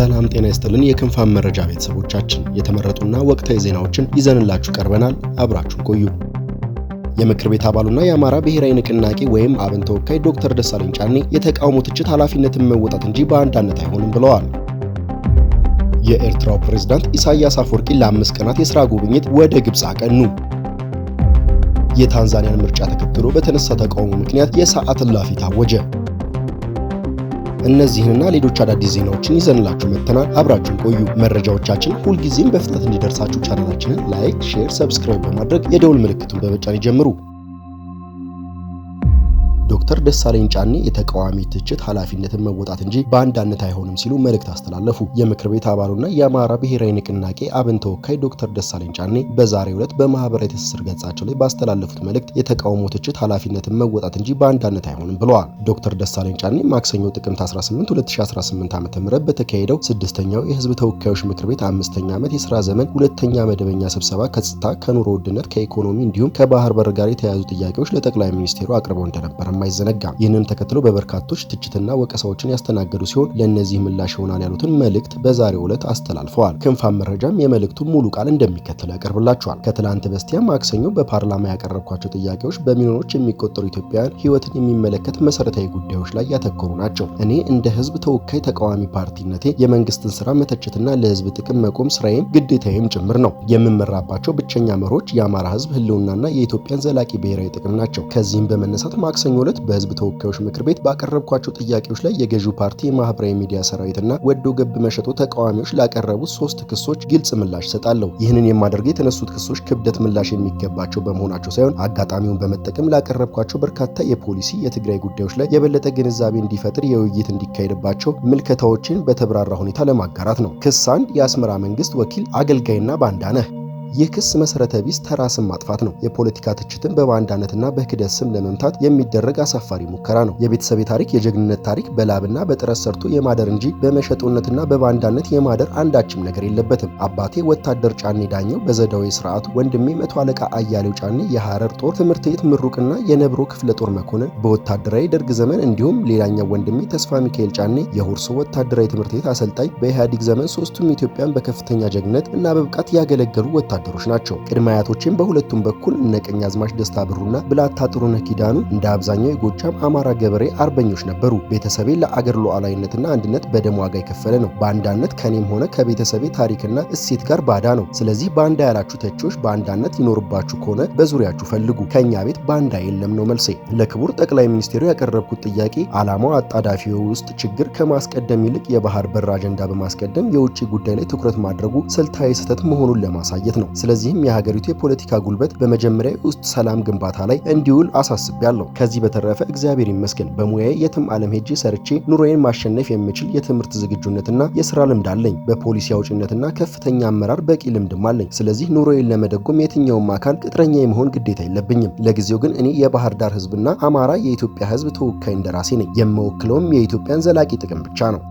ሰላም ጤና ይስጥልን። የክንፋን መረጃ ቤተሰቦቻችን የተመረጡና ወቅታዊ ዜናዎችን ይዘንላችሁ ቀርበናል። አብራችሁ ቆዩ። የምክር ቤት አባሉና የአማራ ብሔራዊ ንቅናቄ ወይም አብን ተወካይ ዶክተር ደሳለኝ ጫኔ የተቃውሞ ትችት ኃላፊነትን መወጣት እንጂ በአንዳነት አይሆንም ብለዋል። የኤርትራው ፕሬዝዳንት ኢሳያስ አፈወርቂ ለአምስት ቀናት የሥራ ጉብኝት ወደ ግብፅ አቀኑ። የታንዛኒያን ምርጫ ተከትሎ በተነሳ ተቃውሞ ምክንያት የሰዓት እላፊ ታወጀ። እነዚህንና ሌሎች አዳዲስ ዜናዎችን ይዘንላችሁ መጥተናል። አብራችሁን ቆዩ። መረጃዎቻችን ሁልጊዜም በፍጥነት እንዲደርሳችሁ ቻናላችንን ላይክ፣ ሼር፣ ሰብስክራይብ በማድረግ የደውል ምልክቱን በመጫን ይጀምሩ። ዶክተር ደሳለኝ ጫኔ የተቃዋሚ ትችት ኃላፊነትን መወጣት እንጂ በአንዳነት አይሆንም ሲሉ መልእክት አስተላለፉ። የምክር ቤት አባሉና የአማራ ብሔራዊ ንቅናቄ አብን ተወካይ ዶክተር ደሳለኝ ጫኔ በዛሬው ዕለት በማህበራዊ ትስስር ገጻቸው ላይ ባስተላለፉት መልእክት የተቃውሞ ትችት ኃላፊነትን መወጣት እንጂ በአንዳነት አይሆንም ብለዋል። ዶክተር ደሳለኝ ጫኔ ማክሰኞ ጥቅምት 18 2018 ዓ ም በተካሄደው ስድስተኛው የህዝብ ተወካዮች ምክር ቤት አምስተኛ ዓመት የስራ ዘመን ሁለተኛ መደበኛ ስብሰባ ከጸጥታ፣ ከኑሮ ውድነት፣ ከኢኮኖሚ እንዲሁም ከባህር በር ጋር የተያያዙ ጥያቄዎች ለጠቅላይ ሚኒስቴሩ አቅርበው እንደነበረ አይዘነጋም። ይህንን ተከትሎ በበርካቶች ትችትና ወቀሳዎችን ያስተናገዱ ሲሆን ለእነዚህ ምላሽ ይሆናል ያሉትን መልእክት በዛሬው ዕለት አስተላልፈዋል። ክንፋን መረጃም የመልእክቱን ሙሉ ቃል እንደሚከተለው ያቀርብላቸዋል። ከትላንት በስቲያ ማክሰኞ በፓርላማ ያቀረብኳቸው ጥያቄዎች በሚሊዮኖች የሚቆጠሩ ኢትዮጵያውያን ሕይወትን የሚመለከት መሰረታዊ ጉዳዮች ላይ ያተኮሩ ናቸው። እኔ እንደ ህዝብ ተወካይ ተቃዋሚ ፓርቲነቴ የመንግስትን ስራ መተቸትና ለህዝብ ጥቅም መቆም ስራዬም ግዴታዬም ጭምር ነው። የምመራባቸው ብቸኛ መርሆች የአማራ ህዝብ ህልውናና የኢትዮጵያን ዘላቂ ብሔራዊ ጥቅም ናቸው። ከዚህም በመነሳት ማክሰኞ ዕለት በህዝብ ተወካዮች ምክር ቤት ባቀረብኳቸው ጥያቄዎች ላይ የገዢው ፓርቲ የማህበራዊ ሚዲያ ሰራዊትና ወዶ ገብ መሸጦ ተቃዋሚዎች ላቀረቡት ሶስት ክሶች ግልጽ ምላሽ ሰጣለሁ። ይህንን የማደርገው የተነሱት ክሶች ክብደት ምላሽ የሚገባቸው በመሆናቸው ሳይሆን አጋጣሚውን በመጠቀም ላቀረብኳቸው በርካታ የፖሊሲ የትግራይ ጉዳዮች ላይ የበለጠ ግንዛቤ እንዲፈጥር የውይይት እንዲካሄድባቸው ምልከታዎችን በተብራራ ሁኔታ ለማጋራት ነው። ክስ አንድ የአስመራ መንግስት ወኪል አገልጋይና ባንዳ ነህ ይህ ክስ መሰረተ ቢስ ተራ ስም ማጥፋት ነው። የፖለቲካ ትችትን በባንዳነትና በክደት ስም ለመምታት የሚደረግ አሳፋሪ ሙከራ ነው። የቤተሰቤ ታሪክ የጀግንነት ታሪክ በላብና በጥረት ሰርቶ የማደር እንጂ በመሸጡነትና በባንዳነት የማደር አንዳችም ነገር የለበትም። አባቴ ወታደር ጫኔ ዳኘው በዘዳዊ ስርዓቱ ወንድሜ መቶ አለቃ አያሌው ጫኔ የሐረር ጦር ትምህርት ቤት ምሩቅና የነብሮ ክፍለ ጦር መኮንን በወታደራዊ ደርግ ዘመን፣ እንዲሁም ሌላኛው ወንድሜ ተስፋ ሚካኤል ጫኔ የሁርሶ ወታደራዊ ትምህርት ቤት አሰልጣኝ በኢህአዴግ ዘመን ሶስቱም ኢትዮጵያን በከፍተኛ ጀግነት እና በብቃት ያገለገሉ ወታደ ወታደሮች ናቸው። ቅድመ አያቶቼም በሁለቱም በኩል እነ አዝማች ደስታ ብሩና ብላታ ጥሩነህ ኪዳኑ እንደ አብዛኛው የጎጃም አማራ ገበሬ አርበኞች ነበሩ። ቤተሰቤ ለአገር ሉዓላዊነትና አንድነት በደም ዋጋ የከፈለ ነው። በአንዳነት ከኔም ሆነ ከቤተሰቤ ታሪክና እሴት ጋር ባዳ ነው። ስለዚህ ባንዳ ያላችሁ ተቺዎች በአንዳነት ይኖርባችሁ ከሆነ በዙሪያችሁ ፈልጉ። ከእኛ ቤት ባንዳ የለም ነው መልሴ። ለክቡር ጠቅላይ ሚኒስትሩ ያቀረብኩት ጥያቄ ዓላማው አጣዳፊ ውስጥ ችግር ከማስቀደም ይልቅ የባህር በር አጀንዳ በማስቀደም የውጭ ጉዳይ ላይ ትኩረት ማድረጉ ስልታዊ ስህተት መሆኑን ለማሳየት ነው። ስለዚህም የሀገሪቱ የፖለቲካ ጉልበት በመጀመሪያ ውስጥ ሰላም ግንባታ ላይ እንዲውል ያለው ከዚህ በተረፈ እግዚአብሔር ይመስገን በሙያዬ የትም ዓለም ሄጄ ሰርቼ ኑሮዬን ማሸነፍ የምችል የትምህርት ዝግጁነትና የስራ ልምድ አለኝ። በፖሊሲ አውጭነትና ከፍተኛ አመራር በቂ ልምድም አለኝ። ስለዚህ ኑሮዬን ለመደጎም የትኛውም አካል ቅጥረኛ የመሆን ግዴታ የለብኝም። ለጊዜው ግን እኔ የባህር ዳር ህዝብና አማራ የኢትዮጵያ ህዝብ ተወካይ እንደራሴ ነኝ። የምወክለውም የኢትዮጵያን ዘላቂ ጥቅም ብቻ ነው።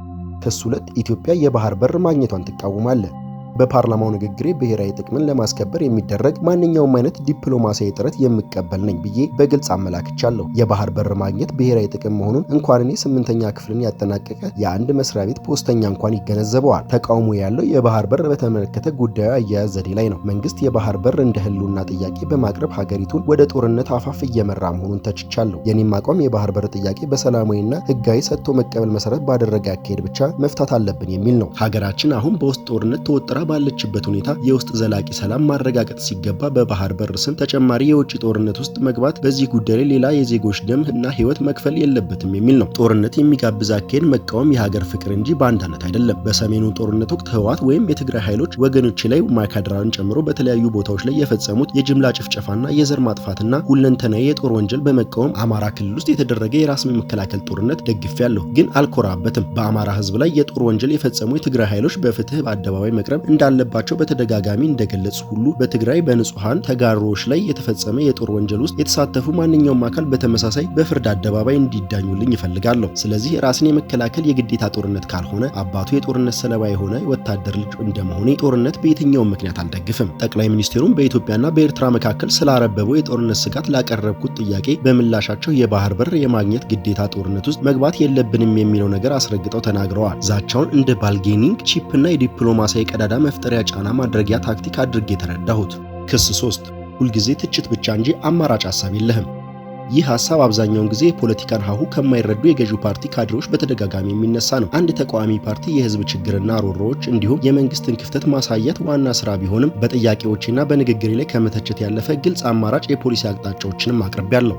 ክስ ሁለት ኢትዮጵያ የባህር በር ማግኘቷን ትቃወማለህ። በፓርላማው ንግግሬ ብሔራዊ ጥቅምን ለማስከበር የሚደረግ ማንኛውም አይነት ዲፕሎማሲያዊ ጥረት የምቀበል ነኝ ብዬ በግልጽ አመላክቻለሁ። የባህር በር ማግኘት ብሔራዊ ጥቅም መሆኑን እንኳን እኔ ስምንተኛ ክፍልን ያጠናቀቀ የአንድ መስሪያ ቤት ፖስተኛ እንኳን ይገነዘበዋል። ተቃውሞ ያለው የባህር በር በተመለከተ ጉዳዩ አያያዝ ዘዴ ላይ ነው። መንግስት የባህር በር እንደ ህልውና ጥያቄ በማቅረብ ሀገሪቱን ወደ ጦርነት አፋፍ እየመራ መሆኑን ተችቻለሁ። የኔም አቋም የባህር በር ጥያቄ በሰላማዊና ህጋዊ ሰጥቶ መቀበል መሰረት ባደረገ አካሄድ ብቻ መፍታት አለብን የሚል ነው። ሀገራችን አሁን በውስጥ ጦርነት ተወጥራ ባለችበት ሁኔታ የውስጥ ዘላቂ ሰላም ማረጋገጥ ሲገባ በባህር በር ስም ተጨማሪ የውጭ ጦርነት ውስጥ መግባት በዚህ ጉዳይ ላይ ሌላ የዜጎች ደም እና ህይወት መክፈል የለበትም የሚል ነው። ጦርነት የሚጋብዝ አካሄድ መቃወም የሀገር ፍቅር እንጂ በአንድነት አይደለም። በሰሜኑ ጦርነት ወቅት ህወሓት ወይም የትግራይ ኃይሎች ወገኖች ላይ ማይካድራን ጨምሮ በተለያዩ ቦታዎች ላይ የፈጸሙት የጅምላ ጭፍጨፋና የዘር ማጥፋትና ሁለንተናዊ የጦር ወንጀል በመቃወም አማራ ክልል ውስጥ የተደረገ የራስ መከላከል ጦርነት ያለው ግን አልኮራበትም። በአማራ ህዝብ ላይ የጦር ወንጀል የፈጸሙ የትግራይ ኃይሎች በፍትህ በአደባባይ መቅረብ እንዳለባቸው በተደጋጋሚ እንደገለጹ ሁሉ በትግራይ በንጹሐን ተጋሮዎች ላይ የተፈጸመ የጦር ወንጀል ውስጥ የተሳተፉ ማንኛውም አካል በተመሳሳይ በፍርድ አደባባይ እንዲዳኙልኝ ይፈልጋለሁ። ስለዚህ ራስን የመከላከል የግዴታ ጦርነት ካልሆነ አባቱ የጦርነት ሰለባ የሆነ ወታደር ልጅ እንደመሆኔ ጦርነት በየትኛውም ምክንያት አልደግፍም። ጠቅላይ ሚኒስቴሩም በኢትዮጵያና በኤርትራ መካከል ስላረበበው የጦርነት ስጋት ላቀረብኩት ጥያቄ በምላሻቸው የባህር በር የማግኘት ግዴታ ጦርነት ውስጥ መግባት የለብንም የሚለው ነገር አስረግጠው ተናግረዋል። ዛቻውን እንደ ባልጌኒንግ ቺፕና የዲፕሎማሲያዊ ቀዳዳ መፍጠሪያ ጫና ማድረጊያ ታክቲክ አድርጌ የተረዳሁት። ክስ 3 ሁልጊዜ ትችት ብቻ እንጂ አማራጭ ሐሳብ የለህም። ይህ ሐሳብ አብዛኛውን ጊዜ የፖለቲካን ሀሁ ከማይረዱ የገዢው ፓርቲ ካድሬዎች በተደጋጋሚ የሚነሳ ነው። አንድ ተቃዋሚ ፓርቲ የህዝብ ችግርና ሮሮዎች እንዲሁም የመንግስትን ክፍተት ማሳየት ዋና ስራ ቢሆንም በጥያቄዎችና በንግግሬ ላይ ከመተቸት ያለፈ ግልጽ አማራጭ የፖሊሲ አቅጣጫዎችንም አቅርቤያለሁ።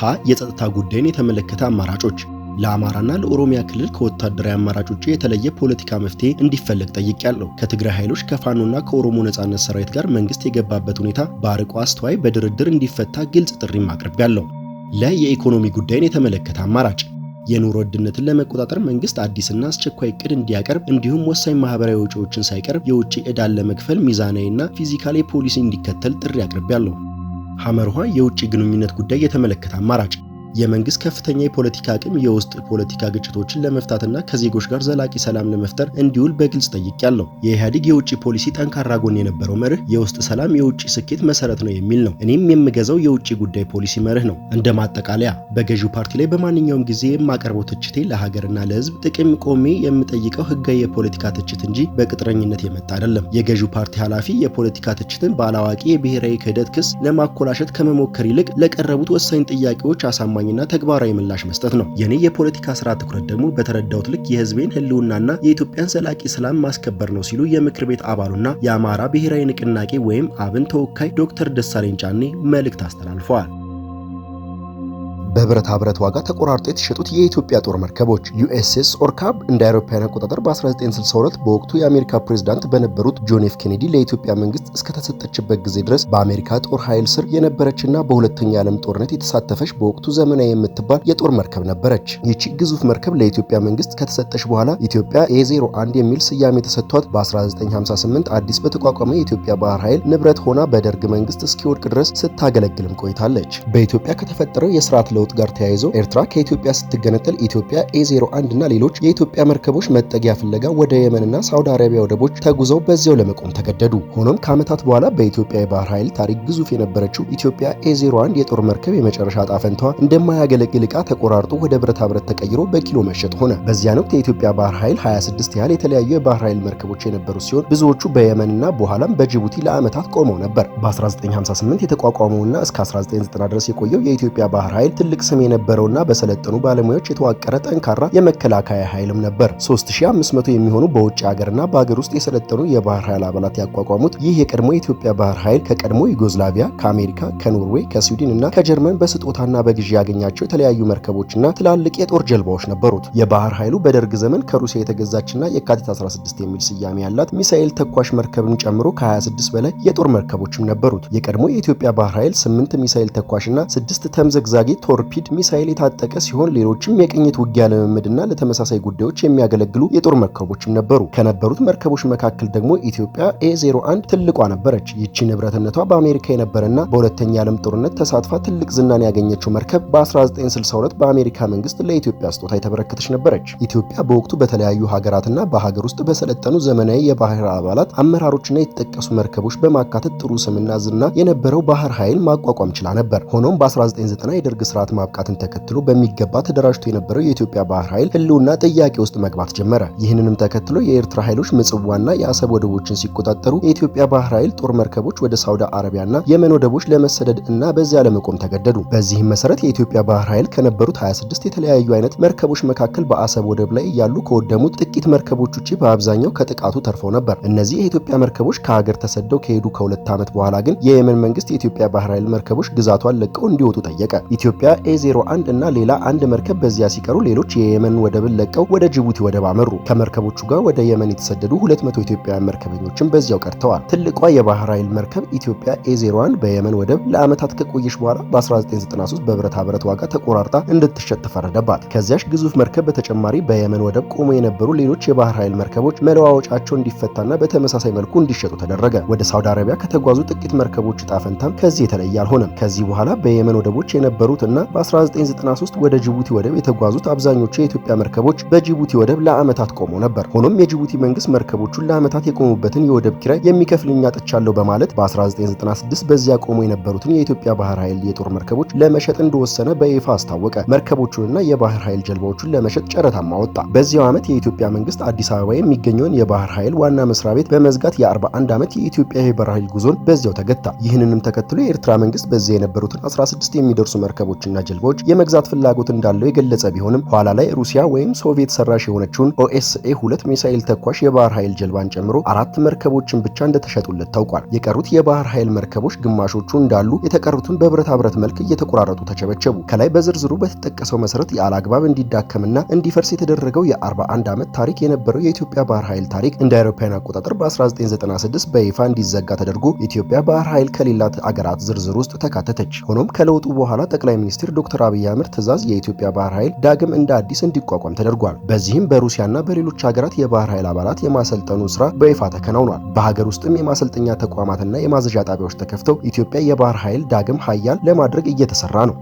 ሀ የጸጥታ ጉዳይን የተመለከተ አማራጮች ለአማራና ለኦሮሚያ ክልል ከወታደራዊ አማራጭ ውጭ የተለየ ፖለቲካ መፍትሄ እንዲፈለግ ጠይቄያለሁ። ከትግራይ ኃይሎች ከፋኖና ከኦሮሞ ነጻነት ሰራዊት ጋር መንግስት የገባበት ሁኔታ በአርቆ አስተዋይ በድርድር እንዲፈታ ግልጽ ጥሪም አቅርቤያለሁ። ለየኢኮኖሚ ጉዳይን የተመለከተ አማራጭ የኑሮ ውድነትን ለመቆጣጠር መንግስት አዲስና አስቸኳይ እቅድ እንዲያቀርብ እንዲሁም ወሳኝ ማህበራዊ ወጪዎችን ሳይቀርብ የውጭ ዕዳን ለመክፈል ሚዛናዊና ፊዚካሊ ፖሊሲ እንዲከተል ጥሪ አቅርቤያለሁ። ሐመርኋ የውጭ ግንኙነት ጉዳይ የተመለከተ አማራጭ የመንግስት ከፍተኛ የፖለቲካ አቅም የውስጥ ፖለቲካ ግጭቶችን ለመፍታትና ከዜጎች ጋር ዘላቂ ሰላም ለመፍጠር እንዲውል በግልጽ ጠይቄያለሁ። የኢህአዴግ የውጭ ፖሊሲ ጠንካራ ጎን የነበረው መርህ የውስጥ ሰላም የውጭ ስኬት መሰረት ነው የሚል ነው። እኔም የምገዛው የውጭ ጉዳይ ፖሊሲ መርህ ነው። እንደ ማጠቃለያ በገዢው ፓርቲ ላይ በማንኛውም ጊዜ የማቀርበው ትችቴ ለሀገርና ለህዝብ ጥቅም ቆሜ የምጠይቀው ህጋዊ የፖለቲካ ትችት እንጂ በቅጥረኝነት የመጣ አይደለም። የገዢው ፓርቲ ኃላፊ የፖለቲካ ትችትን ባላዋቂ የብሔራዊ ክህደት ክስ ለማኮላሸት ከመሞከር ይልቅ ለቀረቡት ወሳኝ ጥያቄዎች አሳማ። አስተማማኝና ተግባራዊ ምላሽ መስጠት ነው። የኔ የፖለቲካ ስራ ትኩረት ደግሞ በተረዳሁት ልክ የህዝቤን ህልውናና የኢትዮጵያን ዘላቂ ሰላም ማስከበር ነው ሲሉ የምክር ቤት አባሉና የአማራ ብሔራዊ ንቅናቄ ወይም አብን ተወካይ ዶክተር ደሳለኝ ጫኔ መልእክት አስተላልፈዋል። በብረታ ብረት ዋጋ ተቆራርጦ የተሸጡት የኢትዮጵያ ጦር መርከቦች ዩኤስኤስ ኦርካብ እንደ አውሮፓውያን አቆጣጠር በ1962 በወቅቱ የአሜሪካ ፕሬዝዳንት በነበሩት ጆን ኤፍ ኬኔዲ ለኢትዮጵያ መንግስት እስከተሰጠችበት ጊዜ ድረስ በአሜሪካ ጦር ኃይል ስር የነበረችና በሁለተኛ ዓለም ጦርነት የተሳተፈች በወቅቱ ዘመናዊ የምትባል የጦር መርከብ ነበረች። ይቺ ግዙፍ መርከብ ለኢትዮጵያ መንግስት ከተሰጠች በኋላ ኢትዮጵያ ኤ01 የሚል ስያሜ ተሰጥቷት በ1958 አዲስ በተቋቋመ የኢትዮጵያ ባህር ኃይል ንብረት ሆና በደርግ መንግስት እስኪወድቅ ድረስ ስታገለግልም ቆይታለች። በኢትዮጵያ ከተፈጠረው የስርዓት ለ ለውጥ ጋር ተያይዞ ኤርትራ ከኢትዮጵያ ስትገነጠል ኢትዮጵያ ኤ01 እና ሌሎች የኢትዮጵያ መርከቦች መጠጊያ ፍለጋ ወደ የመንና ሳውዲ አረቢያ ወደቦች ተጉዘው በዚያው ለመቆም ተገደዱ። ሆኖም ከዓመታት በኋላ በኢትዮጵያ የባህር ኃይል ታሪክ ግዙፍ የነበረችው ኢትዮጵያ ኤ01 የጦር መርከብ የመጨረሻ ዕጣ ፈንታዋ እንደማያገለግል ዕቃ ተቆራርጦ ወደ ብረታ ብረት ተቀይሮ በኪሎ መሸጥ ሆነ። በዚያን ወቅት የኢትዮጵያ ባህር ኃይል 26 ያህል የተለያዩ የባህር ኃይል መርከቦች የነበሩ ሲሆን ብዙዎቹ በየመንና በኋላም በጅቡቲ ለዓመታት ቆመው ነበር። በ1958 የተቋቋመውና እስከ 1990 ድረስ የቆየው የኢትዮጵያ ባህር ኃይል ትልቅ ስም የነበረውና በሰለጠኑ ባለሙያዎች የተዋቀረ ጠንካራ የመከላከያ ኃይልም ነበር። 3500 የሚሆኑ በውጭ ሀገርና በሀገር ውስጥ የሰለጠኑ የባህር ኃይል አባላት ያቋቋሙት ይህ የቀድሞ የኢትዮጵያ ባህር ኃይል ከቀድሞ ዩጎዝላቪያ፣ ከአሜሪካ፣ ከኖርዌይ፣ ከስዊድን እና ከጀርመን በስጦታና በግዢ ያገኛቸው የተለያዩ መርከቦችና ትላልቅ የጦር ጀልባዎች ነበሩት። የባህር ኃይሉ በደርግ ዘመን ከሩሲያ የተገዛችና የካቲት 16 የሚል ስያሜ ያላት ሚሳኤል ተኳሽ መርከብን ጨምሮ ከ26 በላይ የጦር መርከቦችም ነበሩት። የቀድሞ የኢትዮጵያ ባህር ኃይል 8 ሚሳኤል ተኳሽና 6 ተምዘግዛጊ ቶር ቶርፒድ ሚሳይል የታጠቀ ሲሆን ሌሎችም የቅኝት ውጊያ ልምምድና ለተመሳሳይ ጉዳዮች የሚያገለግሉ የጦር መርከቦችም ነበሩ። ከነበሩት መርከቦች መካከል ደግሞ ኢትዮጵያ ኤ01 ትልቋ ነበረች። ይቺ ንብረትነቷ በአሜሪካ የነበረና በሁለተኛ ዓለም ጦርነት ተሳትፋ ትልቅ ዝናን ያገኘችው መርከብ በ1962 በአሜሪካ መንግስት ለኢትዮጵያ ስጦታ የተበረከተች ነበረች። ኢትዮጵያ በወቅቱ በተለያዩ ሀገራትና በሀገር ውስጥ በሰለጠኑ ዘመናዊ የባህር አባላት አመራሮችና የተጠቀሱ መርከቦች በማካተት ጥሩ ስምና ዝና የነበረው ባህር ኃይል ማቋቋም ችላ ነበር። ሆኖም በ1990 የደርግ ስርዓት ማብቃትን ተከትሎ በሚገባ ተደራጅቶ የነበረው የኢትዮጵያ ባህር ኃይል ህልውና ጥያቄ ውስጥ መግባት ጀመረ። ይህንንም ተከትሎ የኤርትራ ኃይሎች ምጽዋና የአሰብ ወደቦችን ሲቆጣጠሩ የኢትዮጵያ ባህር ኃይል ጦር መርከቦች ወደ ሳውዲ አረቢያና የመን ወደቦች ለመሰደድ እና በዚያ ለመቆም ተገደዱ። በዚህም መሰረት የኢትዮጵያ ባህር ኃይል ከነበሩት 26 የተለያዩ አይነት መርከቦች መካከል በአሰብ ወደብ ላይ ያሉ ከወደሙት ጥቂት መርከቦች ውጭ በአብዛኛው ከጥቃቱ ተርፈው ነበር። እነዚህ የኢትዮጵያ መርከቦች ከሀገር ተሰደው ከሄዱ ከሁለት ዓመት በኋላ ግን የየመን መንግስት የኢትዮጵያ ባህር ኃይል መርከቦች ግዛቷን ለቀው እንዲወጡ ጠየቀ። ኢትዮጵያ ኤ01 እና ሌላ አንድ መርከብ በዚያ ሲቀሩ ሌሎች የየመን ወደብን ለቀው ወደ ጅቡቲ ወደብ አመሩ። ከመርከቦቹ ጋር ወደ የመን የተሰደዱ 200 ኢትዮጵያውያን መርከበኞችን በዚያው ቀርተዋል። ትልቋ የባህር ኃይል መርከብ ኢትዮጵያ ኤ01 በየመን ወደብ ለዓመታት ከቆየች በኋላ በ1993 በብረታ ብረት ዋጋ ተቆራርጣ እንድትሸጥ ተፈረደባት። ከዚያች ግዙፍ መርከብ በተጨማሪ በየመን ወደብ ቆመው የነበሩ ሌሎች የባህር ኃይል መርከቦች መለዋወጫቸው እንዲፈታና በተመሳሳይ መልኩ እንዲሸጡ ተደረገ። ወደ ሳውዲ አረቢያ ከተጓዙ ጥቂት መርከቦች ጣፈንታም ፈንታም ከዚህ የተለየ አልሆነም። ከዚህ በኋላ በየመን ወደቦች የነበሩት እና በ1993 ወደ ጅቡቲ ወደብ የተጓዙት አብዛኞቹ የኢትዮጵያ መርከቦች በጅቡቲ ወደብ ለዓመታት ቆመው ነበር። ሆኖም የጅቡቲ መንግስት መርከቦቹን ለዓመታት የቆሙበትን የወደብ ኪራይ የሚከፍልኝ አጥቻለሁ በማለት በ1996 በዚያ ቆመው የነበሩትን የኢትዮጵያ ባህር ኃይል የጦር መርከቦች ለመሸጥ እንደወሰነ በይፋ አስታወቀ። መርከቦቹንና የባህር ኃይል ጀልባዎቹን ለመሸጥ ጨረታም አወጣ። በዚያው ዓመት የኢትዮጵያ መንግስት አዲስ አበባ የሚገኘውን የባህር ኃይል ዋና መስሪያ ቤት በመዝጋት የ41 ዓመት የኢትዮጵያ የባህር ኃይል ጉዞን በዚያው ተገታ። ይህንንም ተከትሎ የኤርትራ መንግስት በዚያ የነበሩትን 16 የሚደርሱ መርከቦችን መርከቦችና ጀልቦች የመግዛት ፍላጎት እንዳለው የገለጸ ቢሆንም ኋላ ላይ ሩሲያ ወይም ሶቪየት ሰራሽ የሆነችውን ኦኤስኤ ሁለት ሚሳኤል ተኳሽ የባህር ኃይል ጀልባን ጨምሮ አራት መርከቦችን ብቻ እንደተሸጡለት ታውቋል። የቀሩት የባህር ኃይል መርከቦች ግማሾቹ እንዳሉ፣ የተቀሩትን በብረታ ብረት መልክ እየተቆራረጡ ተቸበቸቡ። ከላይ በዝርዝሩ በተጠቀሰው መሰረት ያለአግባብ እንዲዳከምና እንዲፈርስ የተደረገው የ41 ዓመት ታሪክ የነበረው የኢትዮጵያ ባህር ኃይል ታሪክ እንደ አውሮፓውያን አቆጣጠር በ1996 በይፋ እንዲዘጋ ተደርጎ ኢትዮጵያ ባህር ኃይል ከሌላት አገራት ዝርዝር ውስጥ ተካተተች። ሆኖም ከለውጡ በኋላ ጠቅላይ ሚኒስትር ሚኒስትር ዶክተር አብይ አህመድ ትዕዛዝ የኢትዮጵያ ባህር ኃይል ዳግም እንደ አዲስ እንዲቋቋም ተደርጓል። በዚህም በሩሲያና በሌሎች ሀገራት የባህር ኃይል አባላት የማሰልጠኑ ስራ በይፋ ተከናውኗል። በሀገር ውስጥም የማሰልጠኛ ተቋማትና የማዘዣ ጣቢያዎች ተከፍተው ኢትዮጵያ የባህር ኃይል ዳግም ሀያል ለማድረግ እየተሰራ ነው።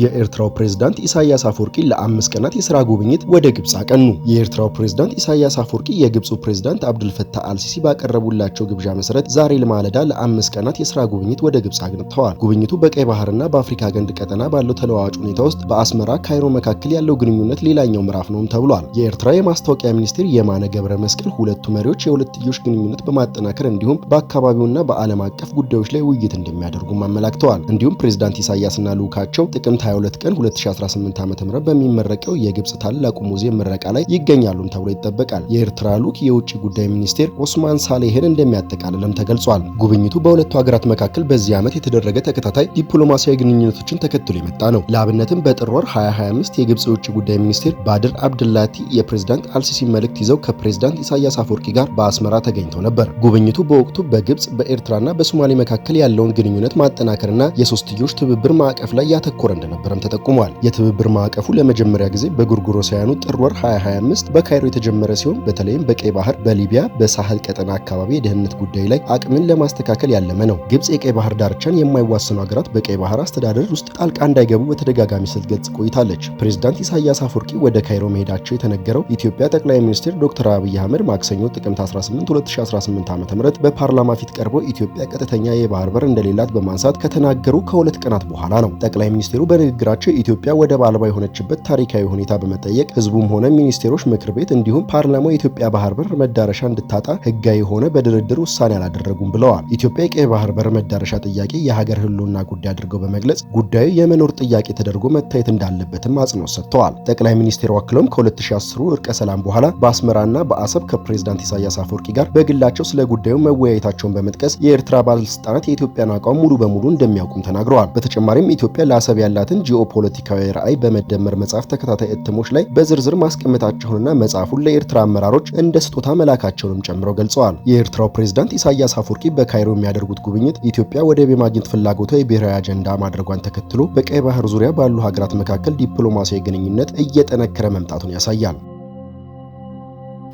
የኤርትራው ፕሬዝዳንት ኢሳያስ አፈወርቂ ለአምስት ቀናት የስራ ጉብኝት ወደ ግብፅ አቀኑ። የኤርትራው ፕሬዝዳንት ኢሳያስ አፈወርቂ የግብፁ ፕሬዝዳንት አብዱልፈታህ አልሲሲ ባቀረቡላቸው ግብዣ መሰረት ዛሬ ለማለዳ ለአምስት ቀናት የስራ ጉብኝት ወደ ግብፅ አቅንተዋል። ጉብኝቱ በቀይ ባህርና በአፍሪካ ገንድ ቀጠና ባለው ተለዋዋጭ ሁኔታ ውስጥ በአስመራ ካይሮ መካከል ያለው ግንኙነት ሌላኛው ምዕራፍ ነውም ተብሏል። የኤርትራ የማስታወቂያ ሚኒስትር የማነ ገብረ መስቀል ሁለቱ መሪዎች የሁለትዮሽ ግንኙነት በማጠናከር እንዲሁም በአካባቢውና በዓለም አቀፍ ጉዳዮች ላይ ውይይት እንደሚያደርጉም አመላክተዋል። እንዲሁም ፕሬዝዳንት ኢሳያስና ልዑካቸው ጥቅምት ጥቅምት 22 ቀን 2018 ዓ.ም በሚመረቀው የግብጽ ታላቁ ሙዚየም ምረቃ ላይ ይገኛሉም ተብሎ ይጠበቃል። የኤርትራ ልዑክ የውጭ ጉዳይ ሚኒስቴር ኦስማን ሳሌህን እንደሚያጠቃልልም ተገልጿል። ጉብኝቱ በሁለቱ ሀገራት መካከል በዚህ ዓመት የተደረገ ተከታታይ ዲፕሎማሲያዊ ግንኙነቶችን ተከትሎ የመጣ ነው። ለአብነትም በጥር ወር 2025 የግብጽ የውጭ ጉዳይ ሚኒስቴር ባድር አብድላቲ የፕሬዝዳንት አልሲሲ መልእክት ይዘው ከፕሬዝዳንት ኢሳያስ አፈወርቂ ጋር በአስመራ ተገኝተው ነበር። ጉብኝቱ በወቅቱ በግብጽ በኤርትራና በሶማሌ መካከል ያለውን ግንኙነት ማጠናከርና የሶስትዮሽ ትብብር ማዕቀፍ ላይ ያተኮረ እንደነበረም ተጠቁሟል። የትብብር ማዕቀፉ ለመጀመሪያ ጊዜ በጎርጎሮሳውያኑ ጥር ወር 2025 በካይሮ የተጀመረ ሲሆን በተለይም በቀይ ባህር፣ በሊቢያ፣ በሳህል ቀጠና አካባቢ የደህንነት ጉዳይ ላይ አቅምን ለማስተካከል ያለመ ነው። ግብጽ የቀይ ባህር ዳርቻን የማይዋሰኑ ሀገራት በቀይ ባህር አስተዳደር ውስጥ ጣልቃ እንዳይገቡ በተደጋጋሚ ስትገልጽ ቆይታለች። ፕሬዚዳንት ኢሳያስ አፈወርቂ ወደ ካይሮ መሄዳቸው የተነገረው የኢትዮጵያ ጠቅላይ ሚኒስትር ዶክተር አብይ አህመድ ማክሰኞ ጥቅምት 18 2018 ዓ ም በፓርላማ ፊት ቀርበው ኢትዮጵያ ቀጥተኛ የባህር በር እንደሌላት በማንሳት ከተናገሩ ከሁለት ቀናት በኋላ ነው። ጠቅላይ ሚኒስትሩ በንግግራቸው ኢትዮጵያ ወደብ አልባ የሆነችበት ታሪካዊ ሁኔታ በመጠየቅ ህዝቡም ሆነ ሚኒስቴሮች ምክር ቤት እንዲሁም ፓርላማው የኢትዮጵያ ባህር በር መዳረሻ እንድታጣ ህጋዊ የሆነ በድርድር ውሳኔ አላደረጉም ብለዋል። ኢትዮጵያ የቀይ ባህር በር መዳረሻ ጥያቄ የሀገር ህልውና ጉዳይ አድርገው በመግለጽ ጉዳዩ የመኖር ጥያቄ ተደርጎ መታየት እንዳለበትም አጽንኦት ሰጥተዋል። ጠቅላይ ሚኒስቴሩ አክለውም ከ2010 እርቀ ሰላም በኋላ በአስመራና በአሰብ ከፕሬዝዳንት ኢሳያስ አፈወርቂ ጋር በግላቸው ስለ ጉዳዩ መወያየታቸውን በመጥቀስ የኤርትራ ባለስልጣናት የኢትዮጵያን አቋም ሙሉ በሙሉ እንደሚያውቁም ተናግረዋል። በተጨማሪም ኢትዮጵያ ለአሰብ ያላት የሀገራትን ጂኦፖለቲካዊ ራዕይ በመደመር መጽሐፍ ተከታታይ እትሞች ላይ በዝርዝር ማስቀመጣቸውንና መጽሐፉን ለኤርትራ አመራሮች እንደ ስጦታ መላካቸውንም ጨምረው ገልጸዋል። የኤርትራው ፕሬዝዳንት ኢሳያስ አፈወርቂ በካይሮ የሚያደርጉት ጉብኝት ኢትዮጵያ ወደብ የማግኘት ፍላጎቷ የብሔራዊ አጀንዳ ማድረጓን ተከትሎ በቀይ ባህር ዙሪያ ባሉ ሀገራት መካከል ዲፕሎማሲያዊ ግንኙነት እየጠነከረ መምጣቱን ያሳያል።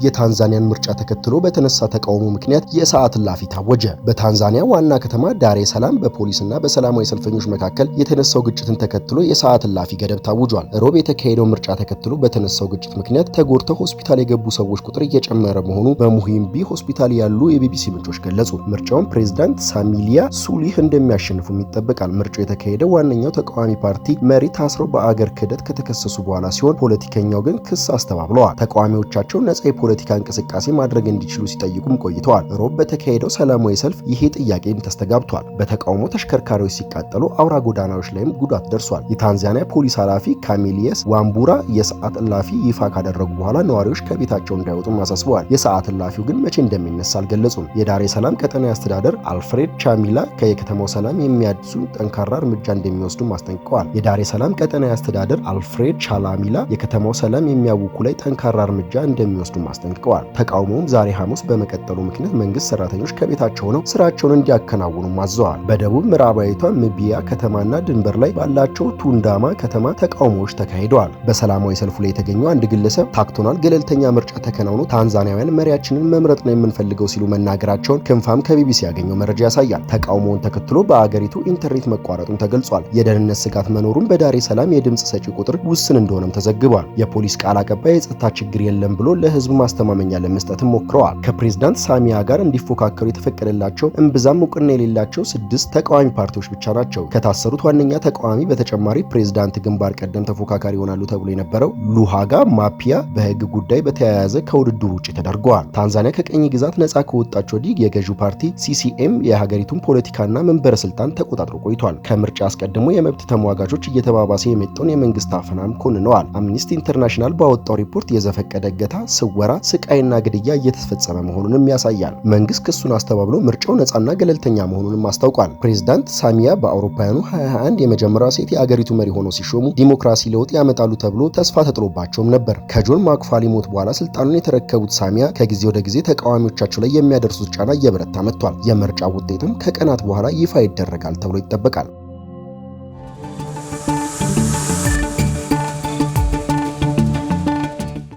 የታንዛኒያን ምርጫ ተከትሎ በተነሳ ተቃውሞ ምክንያት የሰዓት እላፊ ታወጀ። በታንዛኒያ ዋና ከተማ ዳሬ ሰላም በፖሊስና በሰላማዊ ሰልፈኞች መካከል የተነሳው ግጭትን ተከትሎ የሰዓት እላፊ ገደብ ታውጇል። ሮብ የተካሄደው ምርጫ ተከትሎ በተነሳው ግጭት ምክንያት ተጎድተው ሆስፒታል የገቡ ሰዎች ቁጥር እየጨመረ መሆኑ በሙሂምቢ ሆስፒታል ያሉ የቢቢሲ ምንጮች ገለጹ። ምርጫውን ፕሬዝዳንት ሳሚሊያ ሱሊህ እንደሚያሸንፉም ይጠበቃል። ምርጫው የተካሄደው ዋነኛው ተቃዋሚ ፓርቲ መሪ ታስረው በአገር ክህደት ከተከሰሱ በኋላ ሲሆን ፖለቲከኛው ግን ክስ አስተባብለዋል። ተቃዋሚዎቻቸው ነጻ የፖለቲካ እንቅስቃሴ ማድረግ እንዲችሉ ሲጠይቁም ቆይተዋል። ሮብ በተካሄደው ሰላማዊ ሰልፍ ይሄ ጥያቄም ተስተጋብቷል። በተቃውሞ ተሽከርካሪዎች ሲቃጠሉ አውራ ጎዳናዎች ላይም ጉዳት ደርሷል። የታንዛኒያ ፖሊስ ኃላፊ ካሚሊየስ ዋምቡራ የሰዓት እላፊ ይፋ ካደረጉ በኋላ ነዋሪዎች ከቤታቸው እንዳይወጡም አሳስበዋል። የሰዓት እላፊው ግን መቼ እንደሚነሳ አልገለጹም። የዳሬ ሰላም ቀጠና አስተዳደር አልፍሬድ ቻሚላ ከየከተማው ሰላም የሚያድሱ ጠንካራ እርምጃ እንደሚወስዱም አስጠንቅቀዋል። የዳሬ ሰላም ቀጠና አስተዳደር አልፍሬድ ቻላሚላ የከተማው ሰላም የሚያውኩ ላይ ጠንካራ እርምጃ እንደሚወስዱም አስጠንቅቀዋል። ተቃውሞውም ዛሬ ሐሙስ በመቀጠሉ ምክንያት መንግስት ሰራተኞች ከቤታቸው ሆነው ስራቸውን እንዲያከናውኑም አዘዋል። በደቡብ ምዕራባዊቷ ምቢያ ከተማና ድንበር ላይ ባላቸው ቱንዳማ ከተማ ተቃውሞዎች ተካሂደዋል። በሰላማዊ ሰልፉ ላይ የተገኘው አንድ ግለሰብ ታክቶናል፣ ገለልተኛ ምርጫ ተከናውኖ ታንዛኒያውያን መሪያችንን መምረጥ ነው የምንፈልገው ሲሉ መናገራቸውን ክንፋም ከቢቢሲ ያገኘው መረጃ ያሳያል። ተቃውሞውን ተከትሎ በአገሪቱ ኢንተርኔት መቋረጡን ተገልጿል። የደህንነት ስጋት መኖሩን በዳሬ ሰላም የድምፅ ሰጪ ቁጥር ውስን እንደሆነም ተዘግቧል። የፖሊስ ቃል አቀባይ የጸጥታ ችግር የለም ብሎ ለህዝብ ማስተማመኛ ለመስጠትም ሞክረዋል። ከፕሬዝዳንት ሳሚያ ጋር እንዲፎካከሩ የተፈቀደላቸው እምብዛም እውቅና የሌላቸው ስድስት ተቃዋሚ ፓርቲዎች ብቻ ናቸው። ከታሰሩት ዋነኛ ተቃዋሚ በተጨማሪ ፕሬዝዳንት ግንባር ቀደም ተፎካካሪ ይሆናሉ ተብሎ የነበረው ሉሃጋ ማፒያ በህግ ጉዳይ በተያያዘ ከውድድሩ ውጭ ተደርገዋል። ታንዛኒያ ከቀኝ ግዛት ነጻ ከወጣች ወዲህ የገዢው ፓርቲ ሲሲኤም የሀገሪቱን ፖለቲካና መንበረ ስልጣን ተቆጣጥሮ ቆይቷል። ከምርጫ አስቀድሞ የመብት ተሟጋቾች እየተባባሰ የመጣውን የመንግስት አፈናም ኮንነዋል። አምኒስቲ ኢንተርናሽናል ባወጣው ሪፖርት የዘፈቀደ እገታ፣ ስወራ ስቃይና ግድያ እየተፈጸመ መሆኑንም ያሳያል። መንግስት ክሱን አስተባብሎ ምርጫው ነጻና ገለልተኛ መሆኑንም አስታውቋል። ፕሬዚዳንት ሳሚያ በአውሮፓውያኑ 21 የመጀመሪያ ሴት የአገሪቱ መሪ ሆነው ሲሾሙ ዲሞክራሲ ለውጥ ያመጣሉ ተብሎ ተስፋ ተጥሎባቸውም ነበር። ከጆን ማክፋሊ ሞት በኋላ ስልጣኑን የተረከቡት ሳሚያ ከጊዜ ወደ ጊዜ ተቃዋሚዎቻቸው ላይ የሚያደርሱት ጫና እየበረታ መጥቷል። የምርጫ ውጤትም ከቀናት በኋላ ይፋ ይደረጋል ተብሎ ይጠበቃል።